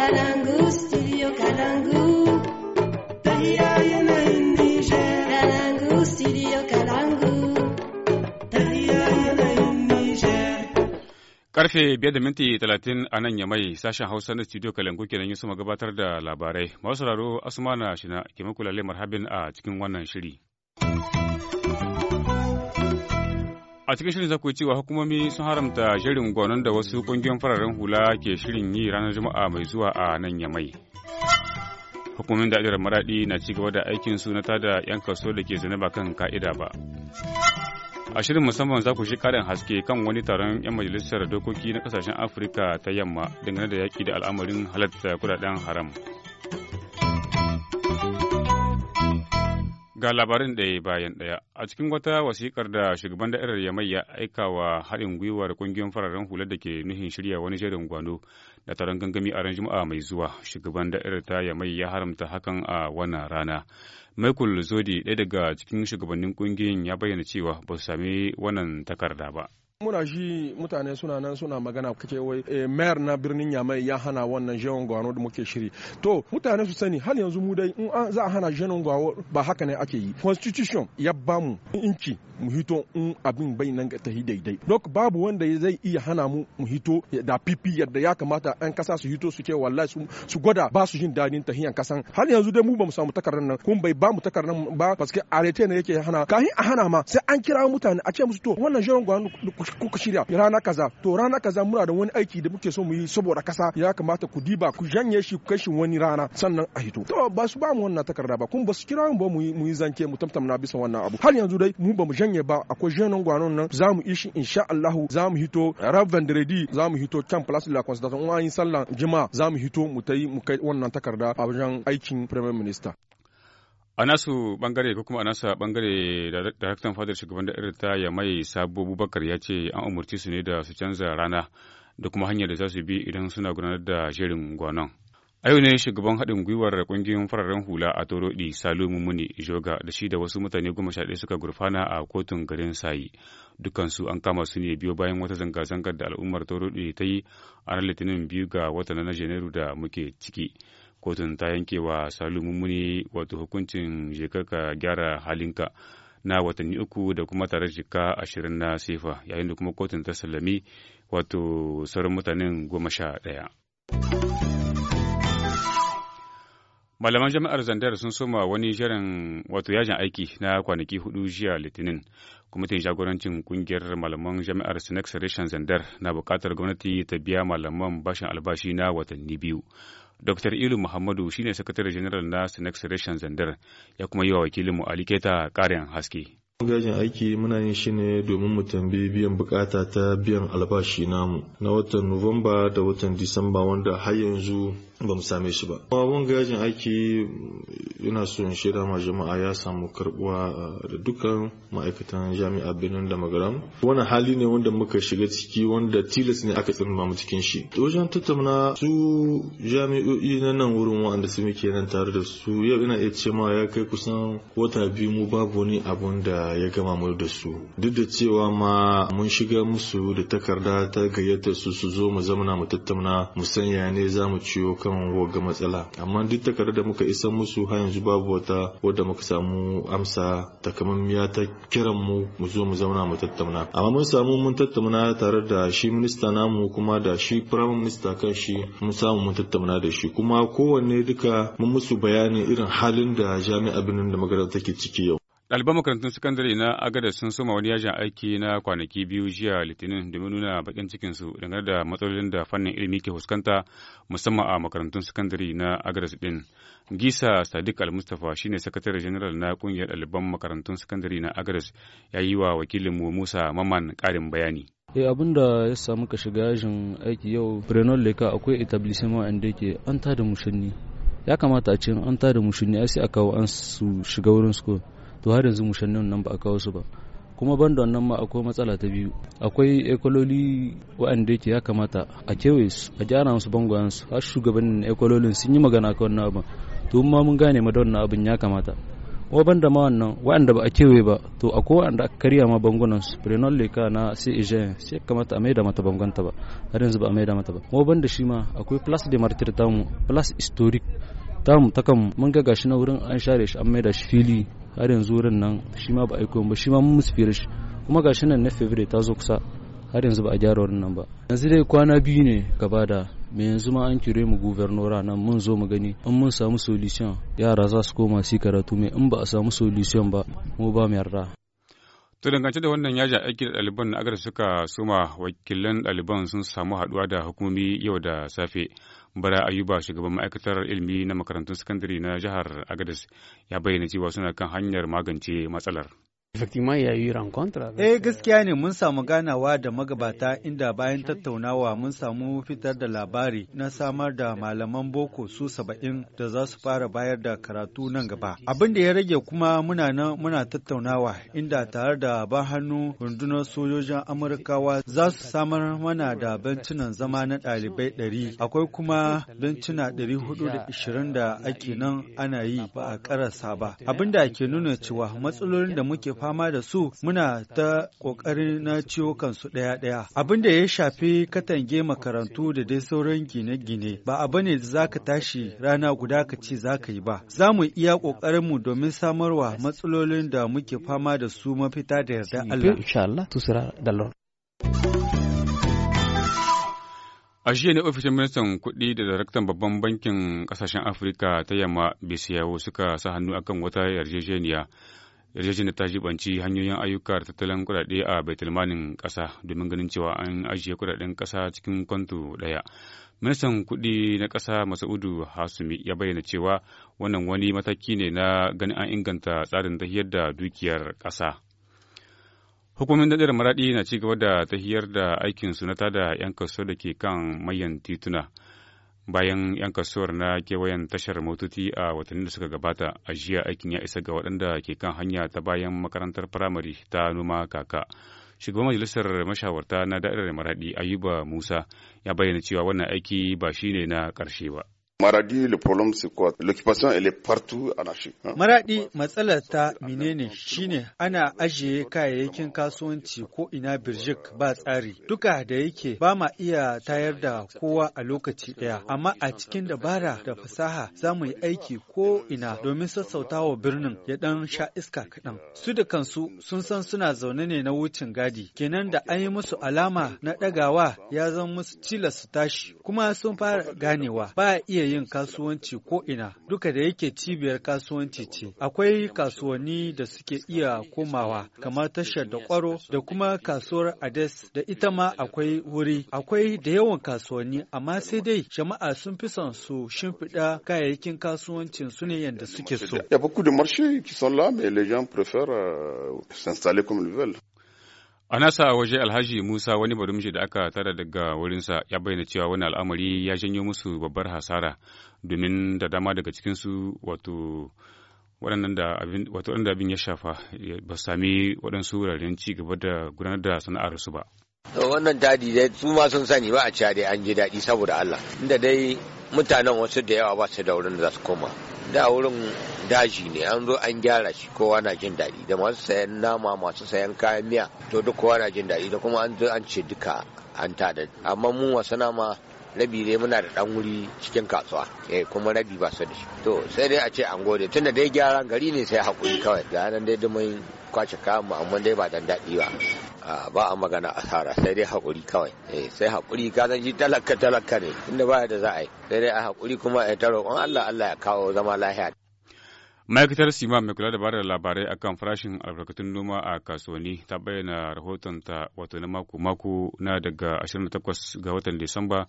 studio Karfe biyar da minti talatin a nan yamai sashen Hausa na studio Kalangu kenan suma gabatar da labarai. Masu sauraro Asmana Shina ke muku Lemar Habin a cikin wannan shiri. A cikin shirin za ku cewa hukumomi sun haramta shirin gwanon da wasu kungiyoyin fararen hula ke shirin yi ranar Juma'a mai zuwa a nan Yamai. Hukumomin da ajiyar maraɗi na cigaba da aikin suna ta da 'yan kaso da ke zane ba kan ka'ida ba. A shirin musamman za ku shi karin haske kan wani taron 'yan majalisar dokoki na kasashen Afirka ta yamma dangane da yaƙi da al'amarin halatta kudaden haram. Ga labarin ɗaya bayan ɗaya, a cikin wata wasikar da shugaban da'irar Yamai ya aika wa haɗin gwiwar ƙungiyar fararen hula da ke nuhin shirya wani jerin gwano da taron gangami a ran Juma'a mai zuwa, shugaban da'irar ta Yamai ya haramta hakan a wannan rana. Michael Zodi, ɗaya daga cikin shugabannin ƙungiyar ya bayyana cewa ba su sami wannan takarda ba. muna shi mutane suna nan suna magana kake wai eh, mayor na birnin yamai ya hana wannan jenon gwano da muke shiri to mutane su sani har yanzu mu dai in an za a hana jenon gwano ba haka ne ake yi constitution ya bamu inci mu hito in abin bai nan ta yi daidai dok babu wanda zai iya hana mu mu hito da pipi yadda ya kamata an kasa su hito su ke wallahi su gwada ba su jin dadin tahiyan kasan har yanzu dai mu ba mu samu takardar nan kun bai ba mu takardar ba paske arete ne yake hana kahin a hana ma sai an kira mutane a ce musu to wannan jenon gwano kuka shirya rana kaza to rana kaza muna da wani aiki da muke so mu yi saboda kasa ya kamata ku diba ku janye shi ku kai shi wani rana sannan a hito to ba su ba mu wannan takarda ba kun ba su kira mu ba mu yi zanke mu tamtamna bisa wannan abu har yanzu dai mu ba mu janye ba akwai jenon gwanon nan za mu ishi insha Allah za mu hito rab vendredi za mu hito can place de la constitution in an yi sallan jima za mu hito mu tai mu kai wannan takarda a wajen aikin premier minister A nasu bangare ko kuma a nasa bangare da haktan fadar shugaban da irin ta ya mai sabo Bubakar ya ce an umarci su ne da su canza rana da kuma hanyar da za su bi idan suna gudanar da shirin gwanon. A yau ne shugaban haɗin gwiwar ƙungiyoyin fararen hula a Torodi Salumu Muni Joga da shi da wasu mutane goma sha ɗaya suka gurfana a kotun garin Sayi. Dukansu an kama su ne biyo bayan wata zanga-zangar da al'ummar Torodi ta yi a ranar Litinin biyu ga watan na Janairu da muke ciki. kotun ta yanke wa salu mummuni wato hukuncin jeka ka gyara halinka na watanni uku da kuma tare jika ashirin na sifa yayin da kuma kotun ta salami wato sauran mutanen goma sha ɗaya. malaman jami'ar zandar sun soma wani shirin wato yajin aiki na kwanaki hudu jiya litinin kwamitin jagorancin kungiyar malaman jami'ar sinex reshen zandar na bukatar gwamnati ta biya malaman bashin albashi na watanni biyu Dr. Ilu Muhammadu shine sakatare janar na Sinex Reshen Zandar ya kuma yi wa wakilinmu Ali Keta ƙarin haske. Gajin aiki muna yin shi ne domin mu tambayi biyan bukata ta biyan albashi namu na watan Nuwamba da watan Disamba wanda har yanzu ba mu same shi ba. mun gajin aiki yana so in shaida ma jama'a ya samu karbuwa eh, da dukkan ma'aikatan jami'a Benin da Magaram. Wani hali ne wanda muka shiga ciki wanda tilas ne aka tsinma mu cikin shi. Wajen tattauna su jami'o'i na nan wurin wanda su muke nan tare da su yau ina iya ce ma ya kai kusan wata biyu mu babu wani abun da ya gama mu da su duk da cewa ma mun shiga musu da takarda ta gayyata su su zo mu zamana mu tattauna mu sanya ne za mu ciyo kan wagga matsala amma duk takarda da muka isa musu har yanzu babu wata wadda muka samu amsa takamammiya ta kiran mu mu zo mu zauna mu tattauna amma mun samu mun tattauna tare da shi minista namu kuma da shi prime minister kan shi mun samu mun tattauna da shi kuma kowanne duka mun musu bayani irin halin da jami'a birnin da magana take ciki yau Ɗaliban makarantun sakandare na Agada sun soma wani yajin aiki na kwanaki biyu jiya Litinin domin nuna bakin cikinsu dangane da matsalolin da fannin ilimi ke fuskanta musamman a makarantun sakandare na Agadas din Gisa Sadiq Al-Mustapha shine sakatare general na ƙungiyar ɗaliban makarantun sakandare na Agadas ya yi wa wakilinmu Musa Maman ƙarin bayani. Eh abin da ya samu ka shiga yajin aiki yau renon leka akwai etablissement wanda ke an tada mushanni ya kamata a ce an tada mushanni ai sai a kawo an su shiga wurin school to har yanzu mushannin nan ba a kawo su ba kuma ban da wannan ma akwai matsala ta biyu akwai ekololi waɗanda yake ya kamata a kewaye su a gyara musu bangoyen su har shugabannin ekololin sun yi magana kan wannan abin to ma mun gane ma da wannan abin ya kamata kuma ban da ma wannan waɗanda ba a kewaye ba to akwai waɗanda aka karya ma bangunan su prenon leka na sai ejen sai kamata a maida mata bangonta ba har yanzu ba a maida mata ba kuma ban da shi ma akwai plus de martir tamu plus historic tamu ta kan mun ga gashi na wurin an share shi an maida shi fili har yanzu wurin nan shi ma ba aiko ba shi ma mun musu shi kuma gashi nan na fevre ta zo kusa har yanzu ba a gyara wurin nan ba yanzu dai kwana biyu ne gaba da me yanzu ma an kire mu gubernora nan mun zo mu gani in mun samu solution yara za su koma su karatu me in ba a samu solution ba mu ba mu yarda To dangance da wannan yaji aiki da ɗaliban na agar suka suma wakilan ɗaliban sun samu haɗuwa da hukumi yau da safe. bara ayuba shugaban ma'aikatar ilimi na makarantun sakandare na jihar agadez ya bayyana cewa suna kan hanyar magance matsalar Eh euh, gaskiya ne mun samu ganawa da magabata inda bayan tattaunawa mun samu fitar da labari na samar da malaman boko su saba'in da za su fara bayar da karatu nan gaba. Abin da ya rage kuma muna nan muna tattaunawa inda tare da ban hannu rundunar sojojin Amurkawa za su samar mana da bencinan zama na ɗalibai ɗari. Akwai kuma bencina ɗari hudu da ishirin da ake nan ana yi ba a ƙarasa ba. Abin da ke nuna cewa matsalolin da muke fama da su muna ta ƙoƙarin na ciwo kansu ɗaya-ɗaya. Abin da ya shafi katange makarantu da dai sauran gine-gine ba abu ne da za tashi rana guda ka ce za yi ba. Za mu iya mu domin samarwa matsalolin da muke fama da su mafita da yarda Allah. A jiya ne ofishin ministan kuɗi da daraktan babban bankin ƙasashen Afirka ta yamma Bisiyawo suka sa hannu akan wata yarjejeniya da ta jibanci hanyoyin ayyuka da tattalin kuɗaɗe a baitulmanin ƙasa domin ganin cewa an ajiye kuɗaɗen ƙasa cikin kwanto ɗaya ministan kuɗi na ƙasa masaudu hasumi ya bayyana cewa wannan wani mataki ne na ganin an inganta tsarin tahiyar da dukiyar ƙasa hukumomin daɗar maraɗi na ci gaba da tahiyar da aikinsu na tada 'yan kaso da ke kan mayan tituna bayan 'yan kasuwar na kewayen tashar motoci a watannin da suka gabata a jiya aikin ya isa ga waɗanda ke kan hanya ta bayan makarantar firamare ta noma kaka shugaban majalisar mashawarta na da'irar maraɗi ayuba musa ya bayyana cewa wannan aiki ba shi ne na ƙarshe ba Maradi, le problème c'est quoi? L'occupation elle est partout Afrique. Maradi matsalar ta menene shine ana ajiye kayayyakin kasuwanci ko ina Birjik ba tsari. Duka da yake ba ma iya tayar da kowa a lokaci daya, amma a cikin dabara da fasaha za mu yi aiki ko ina domin wa birnin ya dan sha iska kaɗan. Su da kansu sun san suna zaune ne na wucin gadi, kenan da an yi musu alama na ɗagawa ya zama musu tilas su tashi, kuma sun fara ganewa ba iya yin kasuwanci ko ina duka da yake cibiyar kasuwanci ce. Akwai kasuwanni da suke iya komawa kamar tashar da kwaro da kuma kasuwar Ades da ita ma akwai wuri. Akwai da yawan kasuwanni amma sai dai jama'a sun fi son su shimfiɗa kayayyakin kasuwancin su ne yadda suke so. A nasa waje Alhaji Musa wani barumshi da aka tara daga wurinsa ya bayyana cewa wani al'amari ya janyo musu babbar hasara domin da dama daga cikinsu wato waɗannan da abin wato waɗanda abin ya shafa ba su sami waɗansu wuraren ci gaba da gudanar da sana'ar su ba. Wannan dadi dai su ma sun sani ba a cewa dai an ji daɗi saboda Allah inda dai mutanen wasu da yawa ba su da wurin da za su koma da wurin daji ne an zo an gyara shi kowa na jin daɗi da masu sayan nama masu sayan kayan miya to duk kowa na jin daɗi da kuma an zo an ce duka an tada amma mu wasu nama rabi dai muna da dan wuri cikin kasuwa eh kuma rabi ba su da shi to sai dai a ce an gode tunda dai gyaran gari ne sai hakuri kawai ga nan dai mai kwace kamu amma dai ba dan daɗi ba ba a magana asara sai dai haƙuri kawai eh sai haƙuri ka san ji talaka talaka ne inda baya da za a yi sai dai a hakuri kuma a taro roƙon Allah Allah ya kawo zama lafiya ma'aikatar sima mai kula da bada labarai akan farashin albarkatun noma a kasuwanni ta bayyana rahotonta wato na mako-mako na daga 28 ga watan disamba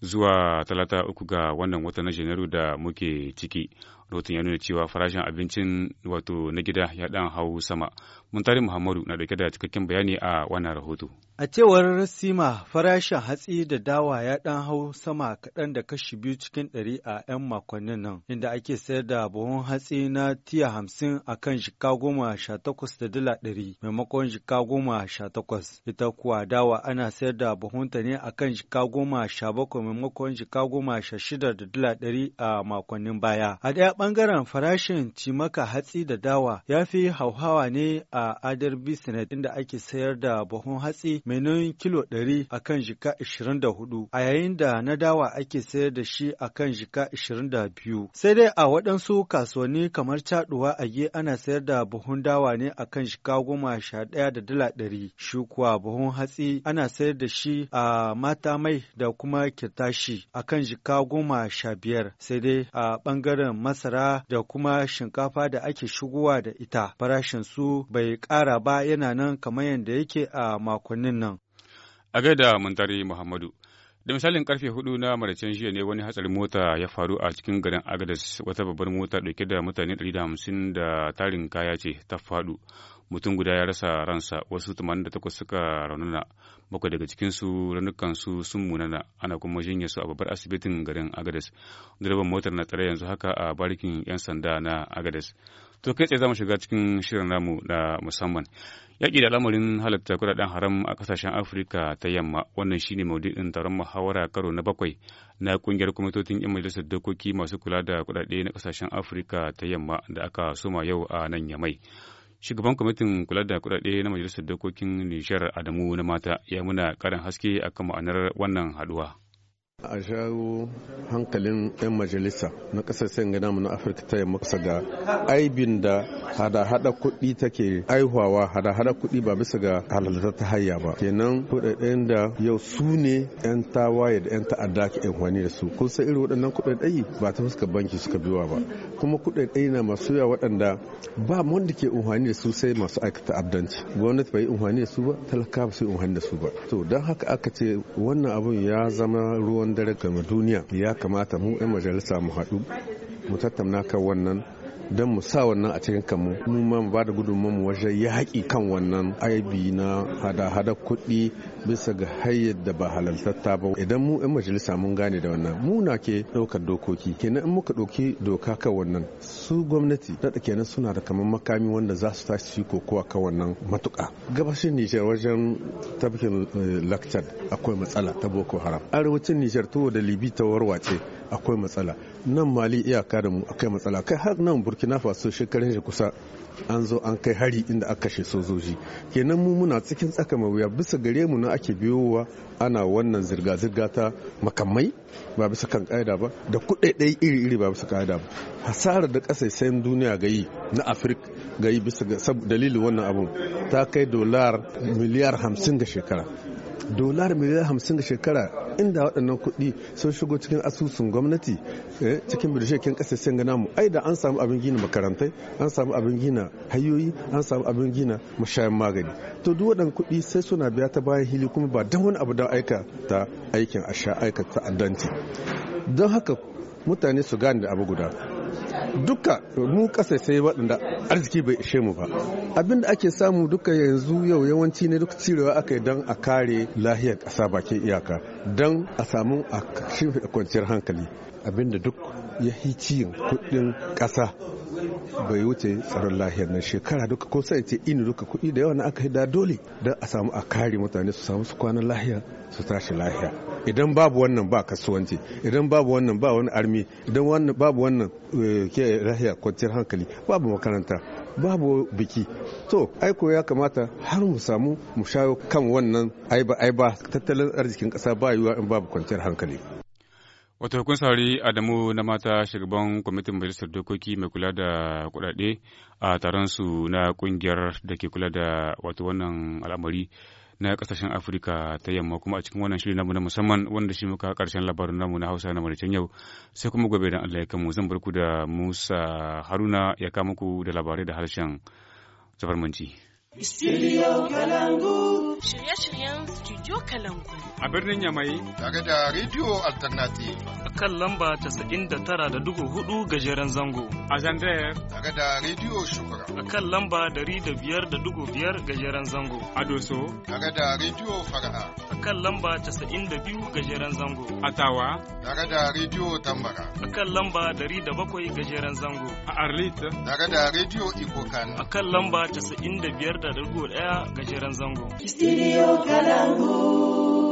zuwa talata uku ga wannan watan na janairu da muke ciki rahoton ya nuna cewa farashin abincin wato na gida ya dan hau sama muntari muhammadu na dauke da cikakken bayani a wannan rahoto a cewar sima farashin hatsi da dawa ya dan hau sama kaɗan da kashi biyu cikin ɗari a 'yan makonnin nan inda ake sayar da buhun hatsi na tiya hamsin a kan jika goma sha takwas da dala ɗari maimakon jika goma sha takwas ita kuwa dawa ana sayar da buhunta ne a kan jika goma sha bakwai maimakon jika goma sha shida da dala ɗari a makonnin baya a ɗaya ɓangaren farashin cimaka hatsi da dawa ya fi hauhawa ne a adar bisnet inda ake sayar da buhun hatsi mai nauyin kilo 100 a kan jika 24 a yayin da na dawa ake sayar da shi a kan jika 22. Sai dai a waɗansu kasuwanni kamar caɗuwa a ge ana sayar da buhun dawa ne a kan jika goma sha ɗaya da dala ɗari. Shi kuwa buhun hatsi ana sayar da shi a mata mai da kuma kirtashi a kan jika goma sha biyar. Sai dai a ɓangaren masa. masara da kuma shinkafa da ake shigowa da ita farashin su bai ƙara ba yana nan kamar yadda yake a makonnin nan. A gaida Muntari Muhammadu. da misalin karfe hudu na maraicen jiya ne wani hatsarin mota ya faru a cikin garin agadas wata babbar mota dauke da mutane 150 da tarin kaya ce ta fadu mutum guda ya rasa ransa wasu 88 suka raunana bakwai daga cikinsu raunukansu sun munana ana kuma jinya su a babbar asibitin garin agades direban motar na tsare yanzu haka a barikin 'yan sanda na agades to kai tsaye za mu shiga cikin shirin namu na musamman yaƙi da lamarin halatta kudaden haram a ƙasashen afirka ta yamma wannan shine maudu'in taron muhawara karo na bakwai na ƙungiyar kwamitocin 'yan majalisar dokoki masu kula da kudade na ƙasashen afirka ta yamma da aka soma yau a nan yamai Shugaban kwamitin kula da kudade na Majalisar Dokokin nishar Adamu na Mata ya muna karin haske akan ma'anar wannan haduwa. a jawo hankalin 'yan majalisa na kasashen gana na afirka ta yamma kusa ga aibin da hada-hada kuɗi take aihuwa hada-hada kuɗi ba bisa ga halalta ta hayya ba kenan kuɗaɗen da yau su ne 'yan tawaye da 'yan ta'adda ke amfani da su kun san irin waɗannan kuɗaɗai ba ta fuska banki suka biwa ba kuma kuɗaɗai na masu yawa waɗanda ba wanda ke amfani da su sai masu aikata ta'addanci gwamnati bai amfani da su ba talaka ba su amfani da su ba to don haka aka ce wannan abun ya zama ruwan ruwan dare kamar duniya ya kamata mu 'yan majalisa mu haɗu mu tattauna kan wannan don mu sa wannan a cikin kanmu mu ma mu ba da mu wajen yaƙi kan wannan aibi na hada-hada kuɗi bisa ga hayyar da ba halaltatta ba idan mu 'yan majalisa mun gane da wannan mu na ke ɗaukar dokoki kenan in muka ɗauki doka kan wannan su gwamnati da kenan suna da kamar makami wanda za su tashi su kokowa kan wannan matuƙa gabashin nijar wajen tafkin eh, lakcar akwai matsala ta boko haram arewacin nijar tuwo da libi ta warwace akwai matsala nan mali iyaka da mu akwai matsala kai har nan burkina faso shekarun shi kusa an zo an kai hari inda aka kashe sojoji kenan mu muna cikin tsaka wuya bisa gare mu na ake biyowa ana wannan zirga-zirga ta makamai ba bisa kan ka'ida ba da kuɗaɗai iri-iri ba bisa ka'ida ba hasarar da ƙasashen duniya ga yi na afirka ga yi bisa dalilin wannan abu ta kai dolar miliyar hamsin ga shekara dolar miliyan hamsin da shekara inda waɗannan kuɗi sun shigo cikin asusun gwamnati eh, cikin birshekin ƙasashen gana mu ai da an samu abin gina makarantai an samu abin gina hayoyi an samu abin gina mashayan magani to duk waɗannan kuɗi sai suna biya ta bayan hili kuma ba don wani abu da aika ta aikin a sha aika ta'addanci don haka mutane su gane da abu guda duka mu kasa sai waɗanda arziki bai ishe mu ba abinda ake samu duka yanzu yau yawanci ne duk cirewa aka yi don a kare lahiyar ƙasa bakin iyaka don a samu a kwanciyar hankali abinda duk ya hici kuɗin ƙasa bai wuce tsaron lahiyar na shekara duka ko sai ce ini duka kuɗi da yawa na aka yi da dole don a samu a kare mutane su samu su kwanan lahiya su tashi lahiya idan babu wannan ba kasuwanci idan babu wannan ba wani armi idan babu wannan eh, ke lahiya kwanciyar hankali babu makaranta babu biki to aiko ya kamata har mu samu mu shayo kan wannan aiba aiba tattalin arzikin ƙasa ba yiwuwa in babu kwanciyar hankali Wato kun saurari Adamu na mata shugaban kwamitin majalisar dokoki mai kula da kuɗaɗe a taron su na kungiyar da ke kula da wato wannan al'amari na kasashen Afirka ta yamma kuma a cikin wannan shirin namu na musamman wanda shi muka karshen labarin namu na Hausa na Maricen yau sai kuma gobe dan Allah ya zan bar ku da Musa Haruna ya kama ku da labarai da harshen zafarmanci. Studio Kalangu. shirye-shiryen Studio Kalangu. A birnin Yamai. Tare da Radio Alternative. A kan lamba tara da dugu hudu gajeren zango. A Zandayar. Tare da Radio Shukura. A kan lamba dari da biyar da dugu biyar gajeren zango. A Doso. Tare da Radio Fara'a. A kan lamba 92 da biyu gajeren zango. A Tawa. daga da rediyo tambara a kan lamba dari da bakwai gajeren zango a arlita Daga da rediyo ikokan a kan lamba casa'in da biyar da dubu daya gajeren zango studio kalangu